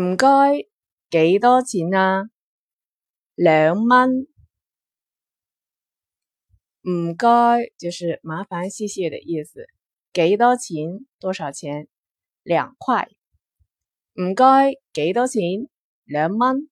唔該，幾多錢呀？兩蚊。唔該，就是麻煩，謝謝的意思。幾多錢？多少錢？兩塊。唔該，幾多錢？兩蚊。